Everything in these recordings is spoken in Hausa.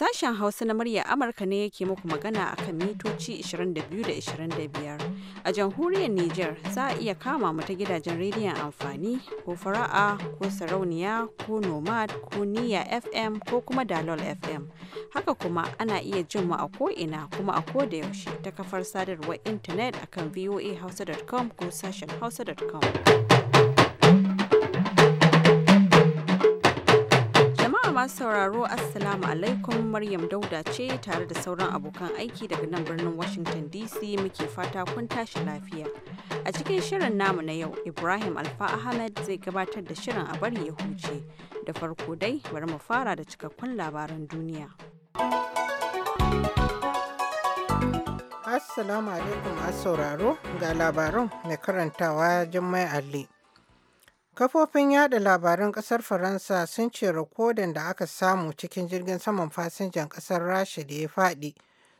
Sashen Hausa na murya Amurka ne yake muku magana a kan mitoci 22 da 25. A jamhuriyar niger za a iya kama mu ta gidajen rediyon amfani ko fara'a ko sarauniya ko nomad ko niya FM ko kuma dalol FM. Haka kuma ana iya jin mu a ko'ina kuma a ko da yaushe ta kafar sadarwar intanet akan voa hausa.com ko sashen hausa.com. Jama'a masu sauraro Assalamu alaikum Maryam Dauda ce tare da sauran abokan aiki daga nan birnin Washington DC muke fata kun tashi lafiya. A cikin shirin namu na yau, Ibrahim Alfa Ahmed zai gabatar da shirin a bari ya huce. Da farko dai bari mu fara da cikakkun labaran duniya. Assalamu alaikum masu sauraro ga labaran mai karantawa Jummai alli. Kafofin yada labaran kasar Faransa sun ce rakodin da aka samu cikin jirgin saman fasinjan kasar Rasha da ya faɗi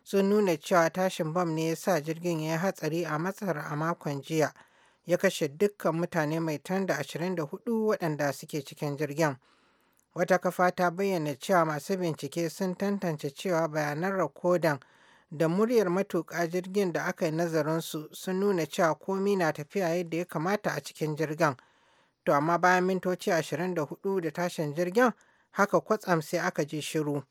sun nuna cewa tashin bam ne ya sa jirgin ya hatsari a matsar a makon jiya ya kashe dukkan mutane mai tanda 24 waɗanda suke cikin jirgin. Wata kafa ta bayyana cewa masu bincike sun tantance cewa bayanan rakodan da muryar matuƙa jirgin da aka yi nazarinsu sun nuna cewa komi na tafiya yadda ya kamata a cikin jirgin. To amma bayan mintoci ashirin da hudu da tashin jirgin haka kwatsam sai aka ji shiru.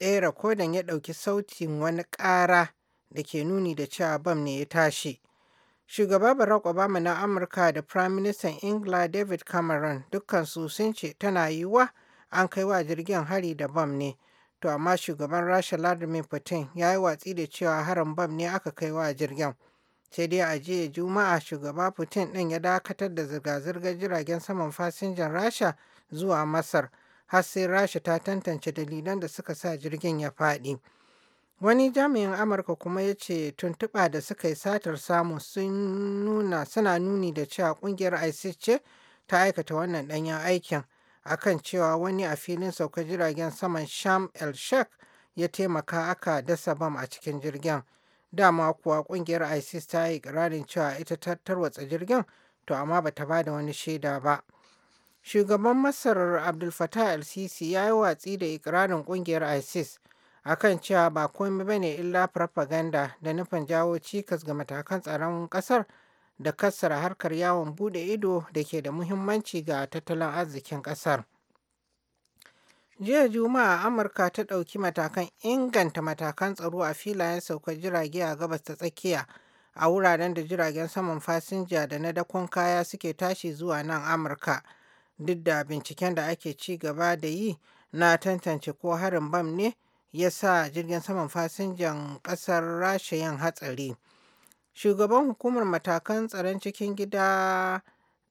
Ɗaya rakodin ya ɗauki sautin wani ƙara da ke nuni da cewa bam ne ya tashi. Shugaba Barack Obama na Amurka da Prime Minister Ingila David Cameron dukkansu sun ce tana yiwuwa an kai wa jirgin hari da bam ne. To amma shugaban Rasha Vladimir Putin ya yi watsi da cewa harin bam ne aka kai wa jirgin. sai dai a jiya juma'a shugaba putin ɗin ya dakatar da zirga-zirgar jiragen saman fasinjan rasha zuwa masar har sai rasha ta tantance dalilan da suka sa jirgin ya faɗi wani jami'in amurka kuma ya ce tuntuɓa da suka yi satar samu sun nuna suna nuni da cewa ƙungiyar isis ce ta aikata wannan ɗanyen aikin a kan cewa wani a filin sauka jiragen saman sham el sheikh ya taimaka aka dasa bam a cikin jirgin dama kuwa kungiyar isis ta yi ƙirarin cewa ita ta tarwatsa jirgin to amma bata ba da wani shaida ba shugaban masar abdul fatah el-sisi ya yi watsi da ikirarin kungiyar isis akan cewa ba komai ba ne illa farfaganda da nufin jawo cikas ga matakan tsaron kasar da kassara harkar yawon bude ido da ke da muhimmanci ga tattalin arzikin kasar. Jiya Juma'a Amurka ta ɗauki matakan inganta matakan tsaro a filayen saukar jirage a gabas ta tsakiya a wuraren da jiragen saman fasinja da na dakon kaya suke tashi zuwa nan Amurka duk da binciken da ake ci gaba da yi na tantance ko harin bam ne ya sa jirgin saman fasinjan ƙasar Rasha yin hatsari. Shugaban hukumar matakan tsaron cikin gida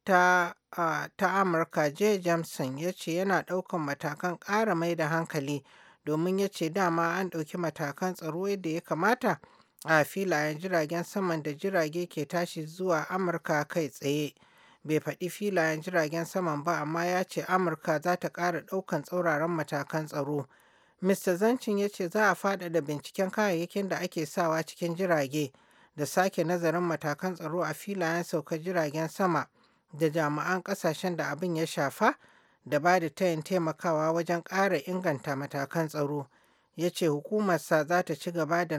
ta ta Amurka Jay Jamson ya ce yana ɗaukan matakan ƙara mai da hankali domin ya ce dama an ɗauki matakan tsaro yadda ya kamata a filayen jiragen saman da jirage ke tashi zuwa Amurka kai tsaye. Bai faɗi filayen jiragen saman ba amma ya ce Amurka za ta ƙara ɗaukan tsauraran matakan tsaro. Mr. Zancin ya ce za a faɗaɗa binciken kayayyakin da ake sawa cikin jirage da sake nazarin matakan tsaro a filayen saukar jiragen sama. da jami'an kasashen da abin ya shafa da ba da tayin taimakawa wajen ƙara inganta matakan tsaro ya ce hukumarsa za ta ci gaba da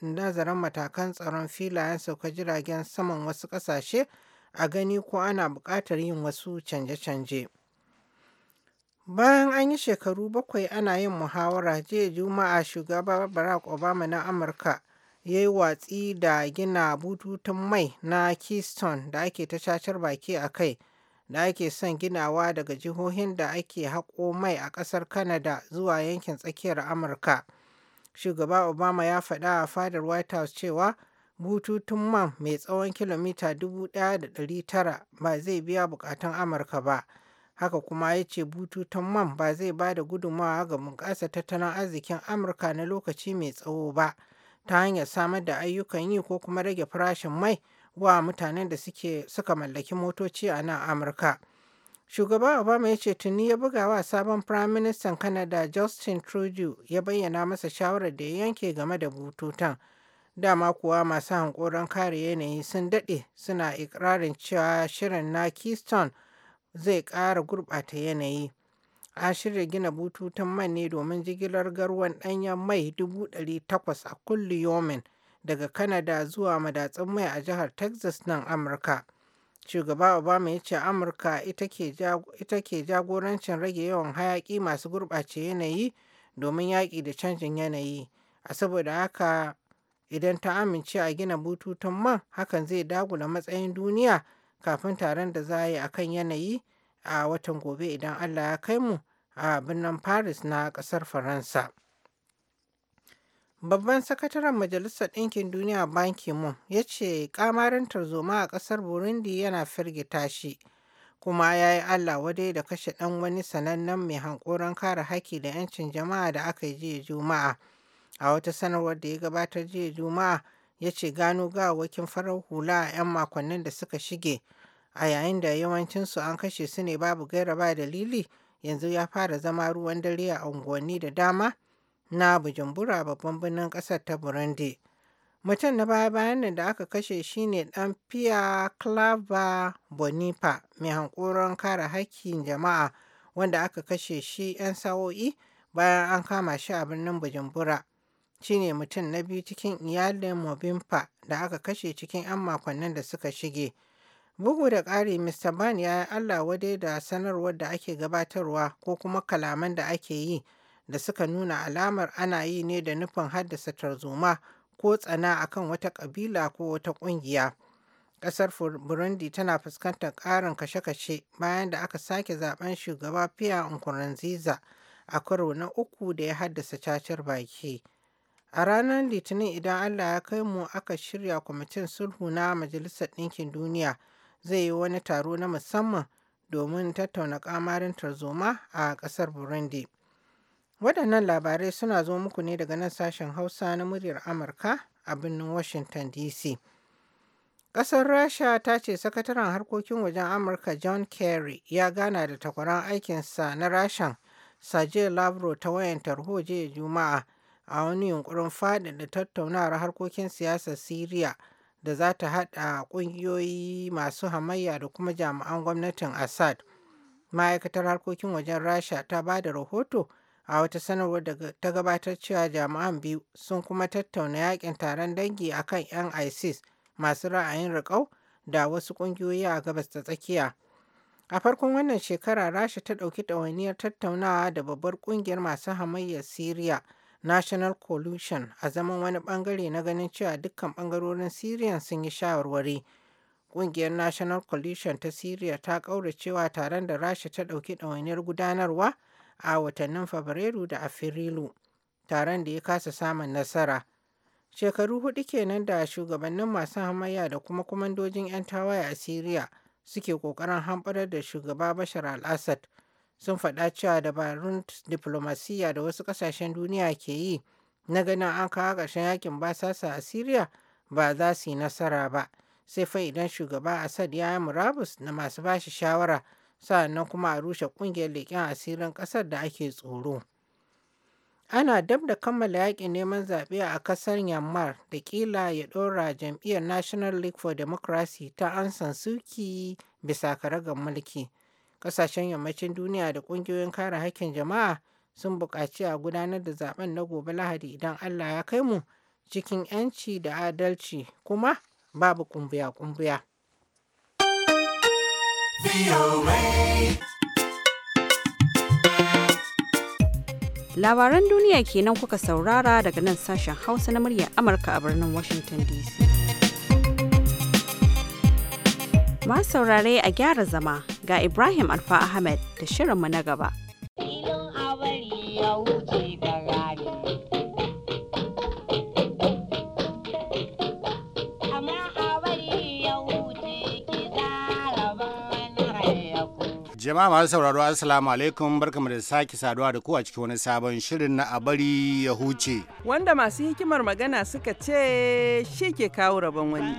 nazarin matakan tsaron filayen sauka jiragen saman wasu ƙasashe a gani ko ana buƙatar yin wasu canje-canje. Bayan an yi shekaru bakwai ana yin muhawara jiya Juma'a shugaba Barack Obama na Amurka ya yi watsi da gina bututun mai na keystone da ake ta cacar baki a kai da ake son ginawa daga jihohin da ake haƙo mai a ƙasar canada zuwa yankin tsakiyar amurka shugaba obama ya faɗa a fadar white house cewa bututun man mai tsawon kilomita 1,900 ba zai biya bukatun amurka ba haka kuma ya ce bututun man ba zai ba da gudunmawa ga bunƙasa tattalin arzikin amurka na lokaci mai tsawo ba. ta hanyar samar da ayyukan yi ko kuma rage farashin mai wa mutanen da suka mallaki motoci a nan Amurka. Shugaba Obama ya ce tuni ya buga wa sabon prime Firaministan Canada Justin Trudeau ya bayyana masa shawarar da ya yanke game da bututun. Dama kuwa masu hankoron kare yanayi sun daɗe suna ikirarin cewa shirin na Keystone zai ƙara gurɓata yanayi. a shirya gina bututun man ne domin jigilar garwan ɗanyen mai dubu ɗari takwas a kulliyomin daga kanada zuwa madatsun mai a jihar Texas nan Amurka. Shugaba Obama ya ce Amurka ita ke jagorancin rage yawan hayaƙi masu gurɓace yanayi domin yaƙi da canjin yanayi. A saboda haka idan ta amince a gina bututun man hakan zai dagula matsayin duniya kafin taron da za a yi a kan yanayi a watan gobe idan Allah ya kai mu a birnin Paris na ƙasar Faransa. Babban sakataren Majalisar Ɗinkin Duniya Ban ki ya ce kamarin tarzoma a ƙasar Burundi yana firgita shi, kuma ya yi Allah wadai da kashe ɗan wani sanannen mai hankoron kare haƙƙi da 'yancin jama'a da aka yi jiya Juma'a. A wata sanarwar da ya gabatar jiya Juma'a ya ce gano gawakin farar hula a 'yan makonnin da suka shige, a yayin da yawancinsu an kashe su ne babu gaira ba dalili. yanzu ya fara zama ruwan dare a unguwanni da dama na Bujumbura babban birnin ƙasar ta Burundi. Mutum na baya-bayan da aka kashe shine ɗan fiya Clava Bonifa mai hankoron kare hakkin jama'a wanda aka kashe shi 'yan sa'o'i bayan an kama shi a birnin Bujumbura. Shine mutum na biyu cikin iyalin Mobimpa da aka kashe cikin 'yan makonnin da suka shige. Bugu da ƙari, Mr. Ban ya yi Allah wadai da sanarwar da ake gabatarwa ko kuma kalaman da ake yi da suka nuna alamar ana yi ne da nufin haddasa tarzoma ko tsana akan wata ƙabila ko wata ƙungiya. Ƙasar Burundi tana fuskantar ƙarin kashe-kashe bayan da aka sake zaben shugaba fiya Nkurunziza a karo na uku da ya haddasa cacar baki. A ranar Litinin idan Allah ya kai mu aka shirya kwamitin sulhu na Majalisar Ɗinkin Duniya zai yi wani taro na musamman domin tattauna kamarin tarzoma a ƙasar Burundi. Waɗannan labarai suna zo muku ne daga nan sashen Hausa na muryar Amurka a birnin Washington DC. Ƙasar Rasha ta ce sakataren harkokin wajen Amurka John Kerry ya gana da takwaran aikinsa na Rashan Sergei Labro, ta wayan tarho jiya Juma'a a wani yunkurin da tattaunawar harkokin siyasar Siriya da za ta haɗa ƙungiyoyi masu hamayya da kuma jami'an gwamnatin assad ma'aikatar harkokin wajen rasha ta ba da rahoto a wata sanarwar da ta gabatar cewa jami'an biyu sun kuma tattauna yakin taron dangi akan 'yan isis masu ra'ayin riƙau da wasu ƙungiyoyi a gabas ta tsakiya a farkon wannan shekara rasha ta ɗauki ɗawainiyar tattaunawa da babbar ƙungiyar masu hamayyar Siriya. National Coalition a zaman wani bangare na ganin cewa dukkan bangarorin Syria sun yi shawarwari. Ƙungiyar National Coalition ta Syria ta cewa taron da Rasha ta ɗauki ɗawainiyar gudanarwa a watannin Fabrairu da Afrilu, taron da ya kasa samun nasara. Shekaru hudu kenan da shugabannin masu hamayya da kuma kwamandojin 'yan tawaye a Syria suke ƙoƙarin hamɓarar da shugaba Bashar al-Assad sun faɗa cewa dabarun diflomasiyya da wasu ƙasashen duniya ke yi na ganin an kawo ƙarshen yakin basasa a Siriya ba za su yi nasara ba. Sai fa idan shugaba asad ya yi murabus na masu bashi shawara sa'annan kuma a rushe ƙungiyar leƙen asirin ƙasar da ake tsoro. Ana dab da kammala yaƙin neman zaɓe a ƙasar Myanmar da ƙila ya ɗora jam'iyyar National League for Democracy ta Ansan Suki bisa karagar mulki. Ƙasashen yammacin duniya da ƙungiyoyin kare haƙƙin jama'a sun buƙaci a gudanar da zaben na gobe Lahadi idan Allah ya kai mu cikin 'yanci da adalci kuma babu kumbiya-kumbiya. Labaran duniya kenan kuka saurara daga nan sashen Hausa na muryar Amurka a birnin Washington DC. Ma saurare a gyara zama Ga Ibrahim Alfa Ahmed da shirinmu na gaba. Jama'a masu sauraro Assalamu alaikum barkamu da sake saduwa da ku a cikin wani sabon shirin na abari ya huce. Wanda masu hikimar magana suka ce shi ke kawo rabon wani.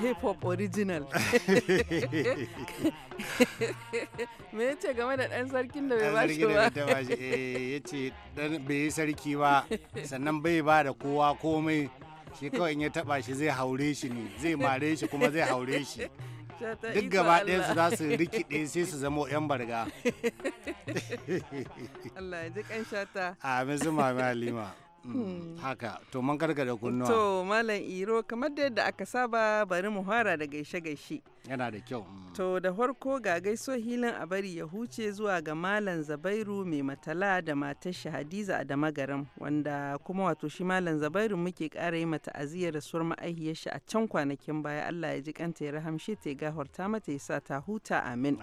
hip hop original me ya ce game da dan sarkin da bai ba shi ba eh, ya ce dan bai yi sarki ba sannan bai ba da kowa komai shi kawai in ya taba shi zai haure shi ne zai mare shi kuma zai haure shi duk gaba ɗaya su za su rikide sai su zama yan barga Allah ya ji kan shata amin zuma halima Hmm. Hmm, haka to mun gargada kunnuwa to malam iro kamar da yadda aka saba bari mu fara da gaishe gaishe yana da kyau hmm. to da farko ga gaiso hilin a bari ya huce zuwa ga malam zabairu mai matala da matar shi hadiza a damagaram wanda kuma wato shi malam zabairu muke kara yi mata aziyar sur ma'ahiyar shi a can kwanakin baya Allah ya ji kanta ya rahamshe ta ya gafarta mata ya sa ta huta amin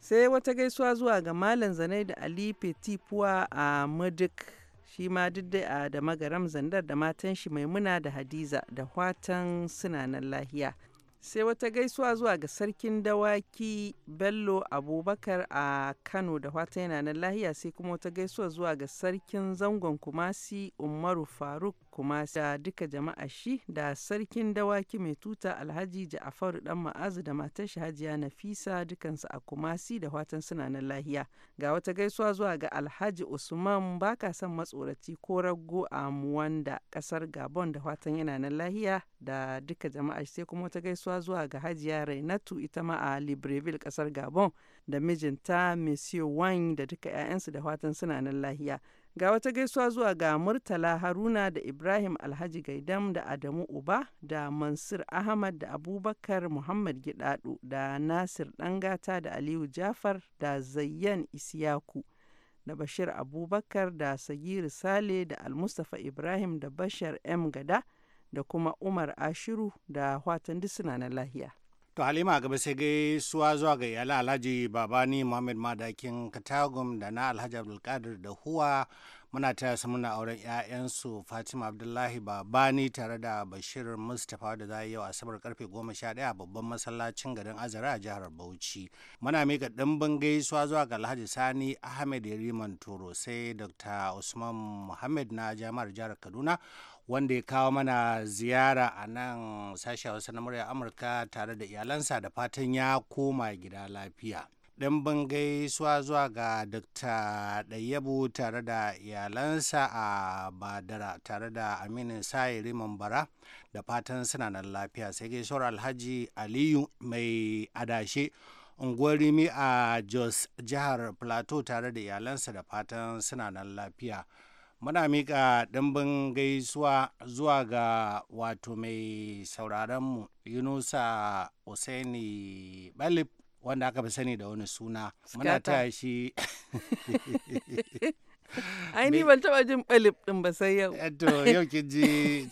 sai wata gaisuwa zuwa ga malam zanai da ali petipuwa a madik shi ma duk da da magaram zandar da matan shi maimuna da hadiza da watan suna nan lahiya sai wata gaisuwa zuwa ga sarkin dawaki bello abubakar a kano da watan yana nan lahiya sai kuma wata gaisuwa zuwa ga sarkin zangon kumasi umaru faruk Kumasa duka jama'a shi da sarkin dawaki mai tuta Alhaji Ja'afaru dan Ma'azu da matar shi Hajiya Nafisa dukansu a Kumasi da watan suna nan lahiya. Ga wata gaisuwa zuwa ga Alhaji Usman baka son matsoraci ko raggo a Muwanda kasar Gabon da watan yana nan lahiya da duka jama'a sai kuma wata gaisuwa zuwa ga Hajiya Rainatu ita ma a Libreville kasar Gabon da mijinta Monsieur Wang da duka 'ya'yansu da watan suna nan lahiya. Ga wata gaisuwa zuwa ga Murtala Haruna da Ibrahim Alhaji Gaidam da Adamu Uba da Mansur Ahmad da Abubakar Muhammad Gidado da Nasir Dangata da Aliyu Jafar da Zayyan Isiyaku da Bashir Abubakar da Sagiru Sale da Almustafa Ibrahim da Bashar M Gada da kuma Umar Ashiru da Watan suna na lahiya. To Halima gaba sai gaisuwa zuwa ga iyali Alhaji Babani Muhammad Madakin Katagum da na Alhaji Abdulkadir da Huwa muna taya su muna auren 'ya'yansu Fatima Abdullahi Babani tare da Bashir Mustapha da za yau Asabar karfe 11 a babban masallacin garin Azara a jihar Bauchi. Muna mika ɗimbin gaisuwa zuwa ga Alhaji Sani Ahmed Riman Toro sai Dr. Usman Muhammad na Jami'ar Jihar Kaduna wanda ya kawo mana ziyara a nan sashen wasu na murya amurka tare da iyalansa da fatan ya koma gida lafiya ɗimbin gaisuwa zuwa ga dr ɗayyabu tare da iyalansa a badara tare da aminu sayiri mambara da fatan suna nan lafiya sai gaisuwar alhaji aliyu mai adashe unguwar a jos jihar plateau tare da iyalansa da fatan suna nan lafiya muna mika dimbin gaisuwa zuwa ga wato mai sauraronmu yunusa Usaini balib wanda aka fi sani da wani suna muna taya shi ai ni ban taba jin balib din ba sai yau eto eh, yau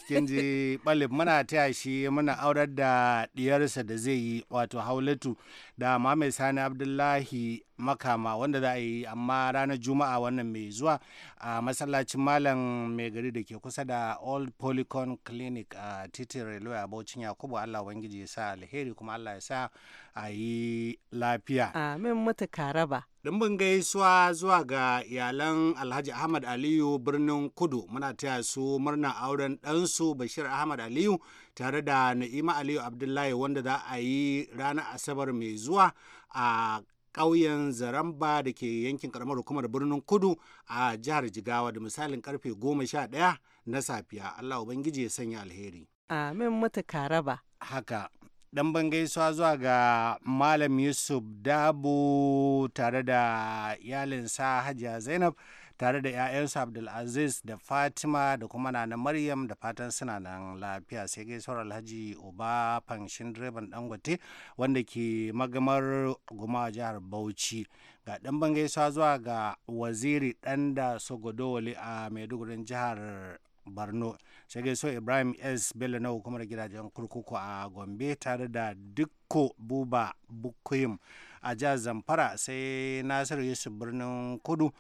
kin ji balib muna taya shi muna aurar da diyarsa da zai yi wato haulatu da mai Sani Abdullahi makama wanda za a yi amma ranar juma'a wannan mai zuwa a masallacin malam mai gari da ke kusa da old polycon clinic a titin railway a bauchin yakubu allah ubangiji ya sa alheri kuma allah ya sa a yi lafiya amin mutu karaba dumbin gaisuwa zuwa ga iyalan alhaji ahmad aliyu birnin kudu muna taya su murna auren ɗansu bashir ahmad aliyu tare da na'ima aliyu abdullahi wanda za a yi ranar asabar mai zuwa a ƙauyen zaramba da ke yankin karamar hukumar birnin kudu a jihar jigawa da misalin karfe goma sha ɗaya na safiya allah ubangiji ya sanya alheri amin mata raba. haka dan ban zuwa ga malam yusuf dabu tare da iyalinsa hajiya zainab tare da 'ya'yansu abdulaziz da fatima da kuma nana maryam da fatan suna nan lafiya sai gaisuwar alhaji uba fanshin direban dangote wanda ke magamar goma jihar bauchi ga ɗan gaisuwa zuwa ga waziri ɗan da sogodowali a maidugurin jihar borno sai gaiso ibrahim s bello na hukumar gidajen kurkuku a gombe tare da dukko buba bukuyim a jihar zamfara sai nasiru yusuf birnin kudu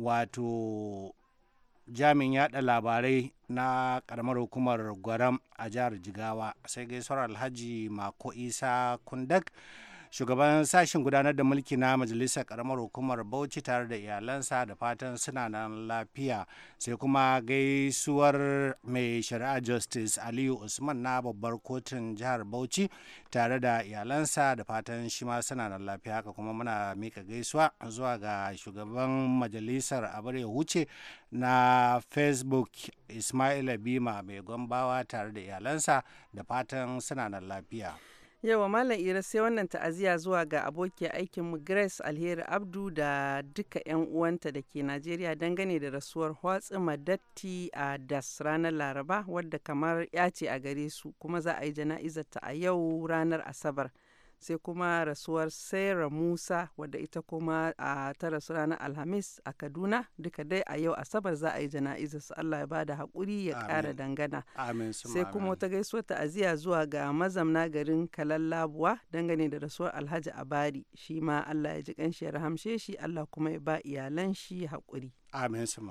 wato jami'in yada labarai na karamar hukumar gwaram a jihar jigawa sai gaisuwar alhaji mako isa kundak shugaban sashen gudanar da mulki na majalisar karamar hukumar bauchi tare da iyalansa da fatan suna nan lafiya sai kuma gaisuwar mai shari'a justice aliyu usman na babbar kotun jihar bauchi tare da iyalansa da fatan shi ma suna nan lafiya haka kuma muna mika gaisuwa zuwa ga shugaban majalisar abar ya huce na facebook ismaila bima mai gombawa tare da iyalansa da fatan suna nan lafiya Yawa Malam Ira sai wannan ta'aziyya zuwa ga aboki aikinmu Grace Alheri Abdu da duka 'yan uwanta da ke Najeriya dangane da rasuwar watsi Madatti a Das ranar Laraba wadda kamar ya ce a gare su kuma za a yi jana'izarta a yau ranar Asabar. sai kuma rasuwar Sarah Musa wadda ita kuma a ta rasu ranar Alhamis a Kaduna duka dai a yau Asabar za a yi jana'izar su Allah ya ba da haƙuri ya ƙara dangana. Sai kuma wata gaisuwar ta'aziyya zuwa ga mazamna garin Kalallabuwa dangane da rasuwar Alhaji Abari shi ma Allah ya ji ƙanshi ya rahamshe shi Allah kuma ya ba iyalan shi haƙuri. Amin su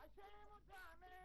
Ashe mutane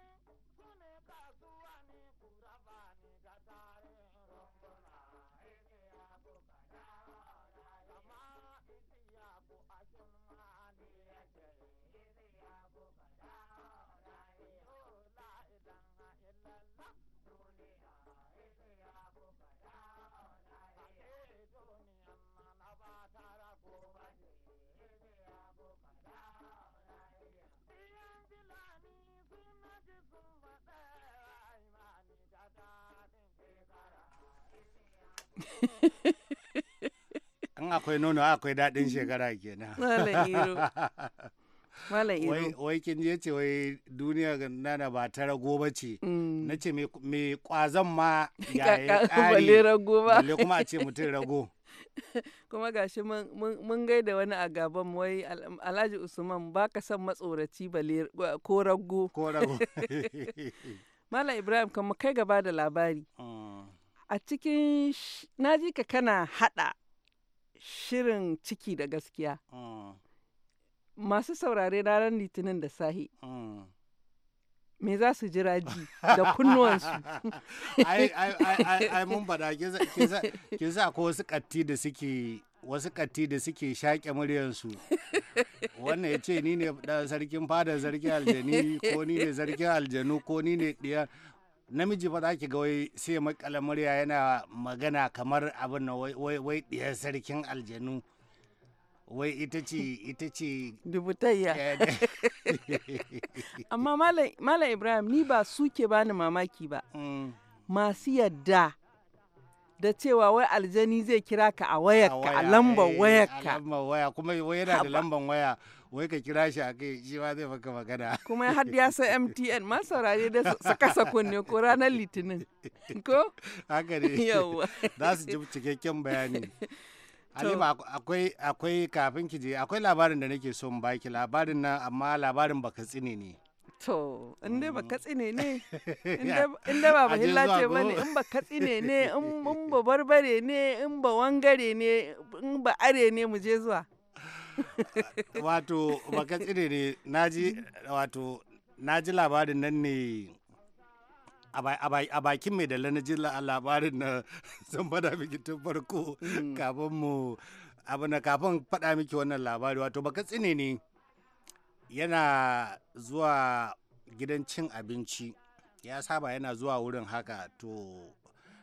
An akwai nono akwai daɗin shekara kenan. Malam Iro. Iro. Wai kin je ce wai duniya nana ba ta rago ba ce. Mm. Na ce me kwazon ma ya yi ƙari. rago ba. Balle kuma a ce mutum rago. kuma gashi mun gaida wani a gaban wai alhaji usman ba ka son matsoraci bale ko rago ko rago mala ibrahim kan mu kai gaba da labari mm. A cikin na ji ka kana haɗa shirin ciki da gaskiya. Mm. Masu saurare ranar litinin da sahi. Mm. Me za su jira ji da kunnuwansu. Ai, mun bada ki za ko wasu katti da suke wasu katti da suke shaƙe muryansu wannan ya ce ni ne sarkin Fadar, zargin aljani ko ni ne zargin aljanu ko ni ne ɗiyar namiji ba za ki ga wai sai makala murya yana magana kamar abin na wai wai diyar sarkin aljanu wai ita ce ita ce dubutayya eh, amma malam ibrahim ni ba suke bani mamaki ba mm. masu yadda da cewa wai aljani zai kira ka a wayarka a lambar eh, wayarka a lambar yana da lambar waya wai ka kira shi a kai shi ma zai maka magana kuma har ya sa mtn ma saurare da su kasa kunne ko ranar litinin ko haka ne yawa za su ji cikakken bayani Halima akwai akwai kafin ki je akwai labarin da nake so mu baki labarin nan amma labarin baka tsine ne. To, in dai baka mm. tsine ne, in dai ba bahilla ce ba ne, in baka tsine ne, in ba barbare ne, in ba wangare ne, in ba are ne mu je zuwa. wato baka tsire ne naji wato naji labarin nan ne a bakin mai dala na ji labarin na zan bada miki farko mm. kafin mu abu na kafin faɗa miki wannan labari wato baka tsine ne yana zuwa gidan cin abinci ya saba yana zuwa wurin haka to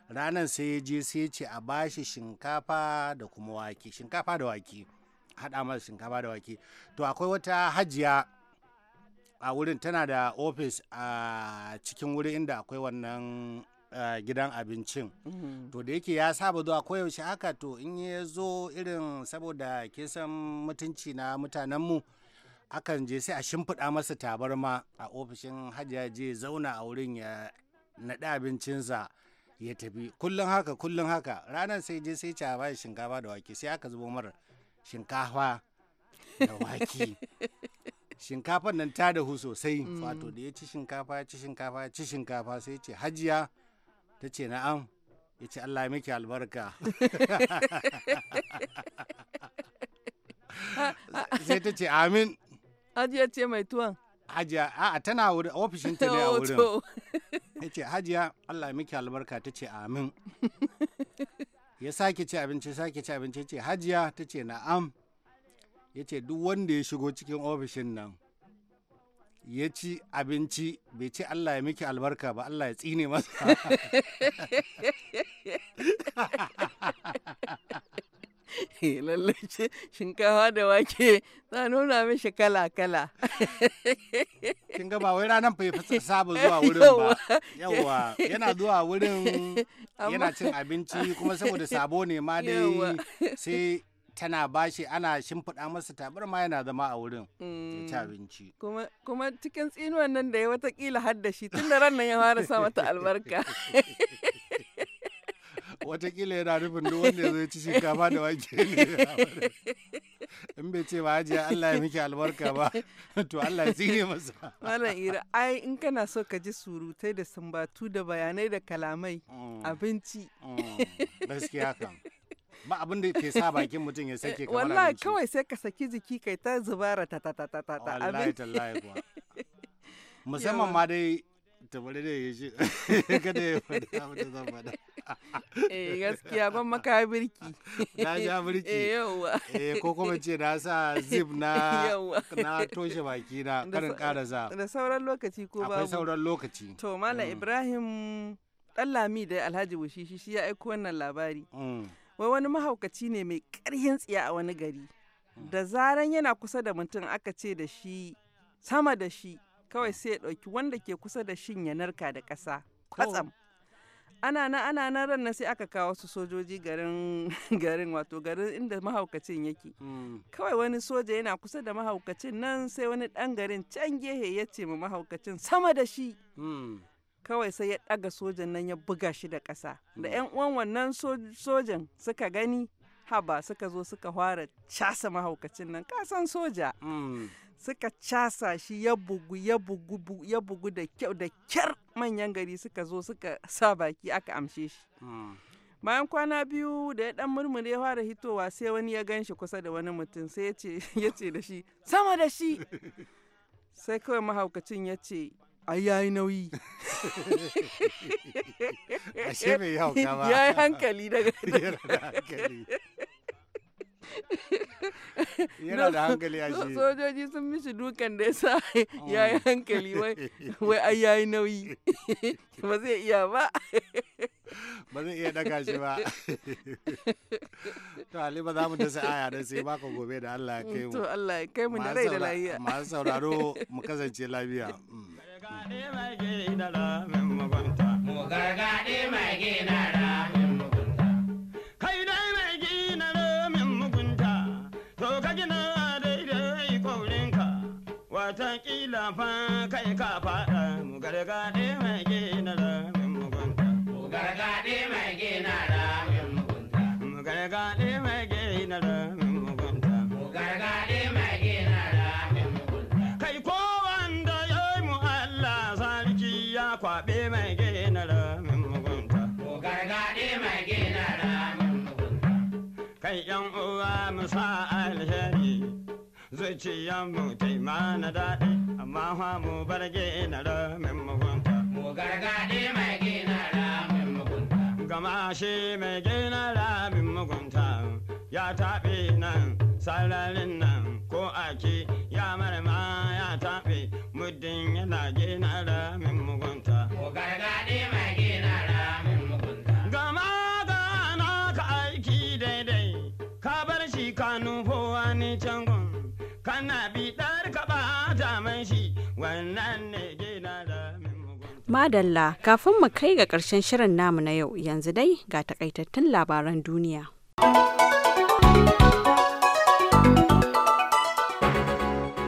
ranar sai ya je sai ce a bashi shinkafa da kuma wake shinkafa da wake haɗa masa shinkafa da wake to akwai wata hajiya a wurin tana da ofis a cikin wuri inda akwai wannan gidan abincin mm-hmm. to da yake ya saba zuwa koyaushe haka to in ya zo irin saboda kin mutunci na mutanenmu akan je sai a shimfiɗa masa tabarma a ofishin hajiya je zauna a wurin ya naɗi abincinsa ya tafi kullum haka kullum haka ranar sai je sai ci a shinkafa da wake sai aka zubo mara shinkafa da wake shinkafan nan ta dahu sosai mm. wato da ya ci shinkafa ya ci shinkafa ya ci shinkafa sai ce hajiya ta ce na'am ya ce allah ya miki albarka sai ta ce amin hajiya ce mai tuwon hajiya a tana wurin ta ne a wurin ya ce hajiya allah ya miki albarka ta ce amin ya sake ci abinci sake ci abinci ce hajiya ta ce na'am ya ce duk wanda ya shigo cikin ofishin nan ya ci abinci bai ce Allah ya miki albarka ba Allah ya tsine masa Eh, lallace shinkafa da wake za nuna mishi kala-kala kin ga ba wai ranan fa saba zuwa wurin ba yawa yana zuwa wurin yana cin abinci kuma saboda sabo ne ma dai sai tana bashi ana shimfiɗa masa tabar ma yana zama a wurin ci mm. abinci. Kuma cikin tsinuwan nan da ya watakila haddashi tun da ran nan ya fara sa mata albarka. watakila yana nufin duk wanda ya zo ci shinkafa da wake ne in bai ce ba hajiya Allah ya miki albarka ba to Allah ya tsine masa malam ira ai in kana so ka ji surutai da sumbatu da bayanai da kalamai mm. abinci mm. gaskiya kan ba abin da ke sa bakin mutum ya sake kamar wallahi kawai sai ka saki jiki kai ta zubara ta ta ta ta ta wallahi tallahi kuwa musamman ma dai ta da ya shi kada ya faɗa abin da zan faɗa eh gaskiya ban maka birki na ja birki eh yawa eh ko kuma ce na sa zip na na toshe baki na karin karasa da sauran lokaci ko babu akwai sauran lokaci to mala mm. ibrahim dan lami da alhaji bushishi shi ya aiko wannan labari mm. wai wani mahaukaci ne mai karhin tsiya a wani gari da zaran yana kusa da mutum aka ce da shi sama da shi kawai mm. sai ya ɗauki wanda ke kusa da shin ya narka da ƙasa kwatsam ana na ana nan ran sai aka kawo su sojoji garin garin wato garin inda mahaukacin yake mm. kawai wani soja yana kusa da mahaukacin nan sai wani dan garin can gehe ya ce ma mahaukacin sama da shi mm. kawai sai ya ɗaga sojan nan ya buga shi da ƙasa da 'yan mm. uwan wannan sojan suka gani haba suka zo suka fara casa mahaukacin nan kasan soja suka casa shi ya bugu ya bugu ya bugu da kyau da kyar manyan gari suka zo suka sa baki aka amshe shi hmm. bayan kwana biyu da ya dan murmure ya fara hitowa sai wani ya gan kusa da wani mutum sai ya ce da shi sama da shi sai kawai mahaukacin ya ce ai yayi nauyi ashe mai hauka hankali daga yana da hankali a shi sojoji sun mishi dukan da yasa ya yi hankali wai ai yayi nauyi ba zai iya ba ba zai iya daga shi ba to ba za mu ta aya dan sai ba ka gobe da Allah ya kai mu to Allah ya kai mu da rai da lafiya masu sauraro mu kasance lafiya gargaɗe mai gina ramin mugunta mu gargaɗe mai gina ramin Lafan kai ka fada mu gargade mai gina ramin mugunta. Mu gargade mai gina ramin mugunta. Mu gargade mai gina ramin mugunta. Mu gargade mai gina ramin mugunta. Kai ko wanda ya yi mu Allah sarki ya kwaɓe mai gina ramin mugunta. Mu gargade mai gina ramin mugunta. Kai yan uwa mu sa alheri. zuciyanmu ta yi mana daɗi amma ha mu bar ge gina ramin mugunta. Mu gargaɗi mai ge na gina ramin mugunta. Gama shi mai ge na gina ramin mugunta ya taɓe nan sararin nan ko ake ya marma ya taɓe muddin yana ge gina ramin mugunta. Mu gargaɗi mai ge Madalla kafin mu kai ga ƙarshen shirin namu na yau yanzu dai ga takaitattun labaran duniya.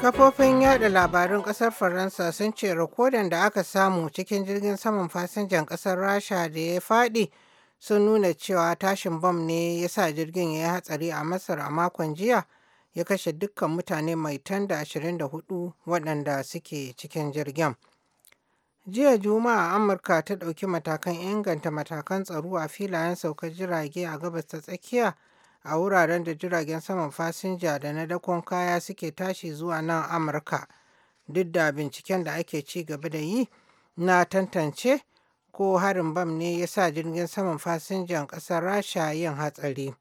Kafofin yada labarun ƙasar Faransa sun ce rikodin da aka samu cikin jirgin saman fasinjan ƙasar Rasha da ya faɗi sun nuna cewa tashin bom ne ya sa jirgin ya yi hatsari a Masar a makon jiya ya kashe dukkan mutane mai tan da 24 waɗanda suke cikin jirgin. Jiya Juma'a Amurka ta ɗauki matakan inganta matakan tsaro a filayen saukar jirage a gabas ta tsakiya a wuraren da jiragen saman fasinja da na dakon kaya suke tashi zuwa nan Amurka. Duk da binciken da ake ci gaba da yi na tantance ko harin bam ne ya sa jirgin saman fasinjan ƙasar Rasha yin hatsari.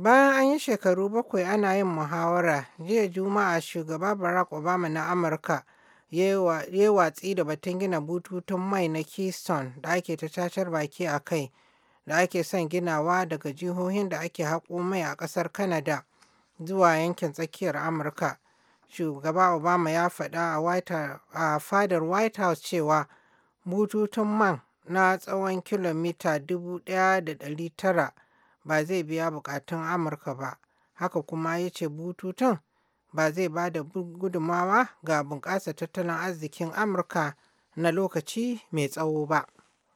Bayan an yi shekaru bakwai ana yin muhawara, jiya Juma'a Shugaba Barack Obama na Amurka ya yi watsi da batun gina bututun mai na Keystone da ake ta cacar baki a kai da ake son ginawa daga jihohin da ake haƙo mai a ƙasar kanada zuwa yankin tsakiyar Amurka. Shugaba Obama ya faɗa a fadar White House cewa bututun man na tsawon kilomita 1,900 ba zai biya bukatun Amurka ba, haka kuma ya ce bututun ba zai ba da gudummawa ga bunƙasa tattalin arzikin Amurka na lokaci mai tsawo ba.